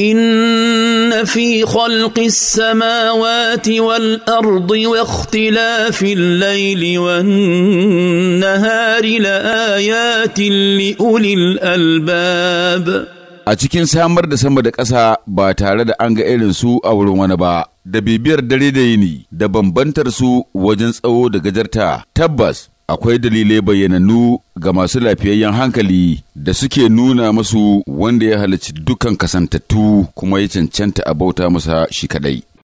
ان في خلق السماوات والارض واختلاف الليل والنهار لايات لاولي الالباب a cikin samar da sama da ƙasa ba tare da an ga irin su a wurin wani ba da bibiyar dare da yini da bambantar su wajen tsawo da gajarta tabbas akwai dalilai bayyananu ga masu lafiyayyen hankali da suke nuna masu wanda ya halarci dukan kasantattu kuma ya cancanta a bauta masa shi kadai.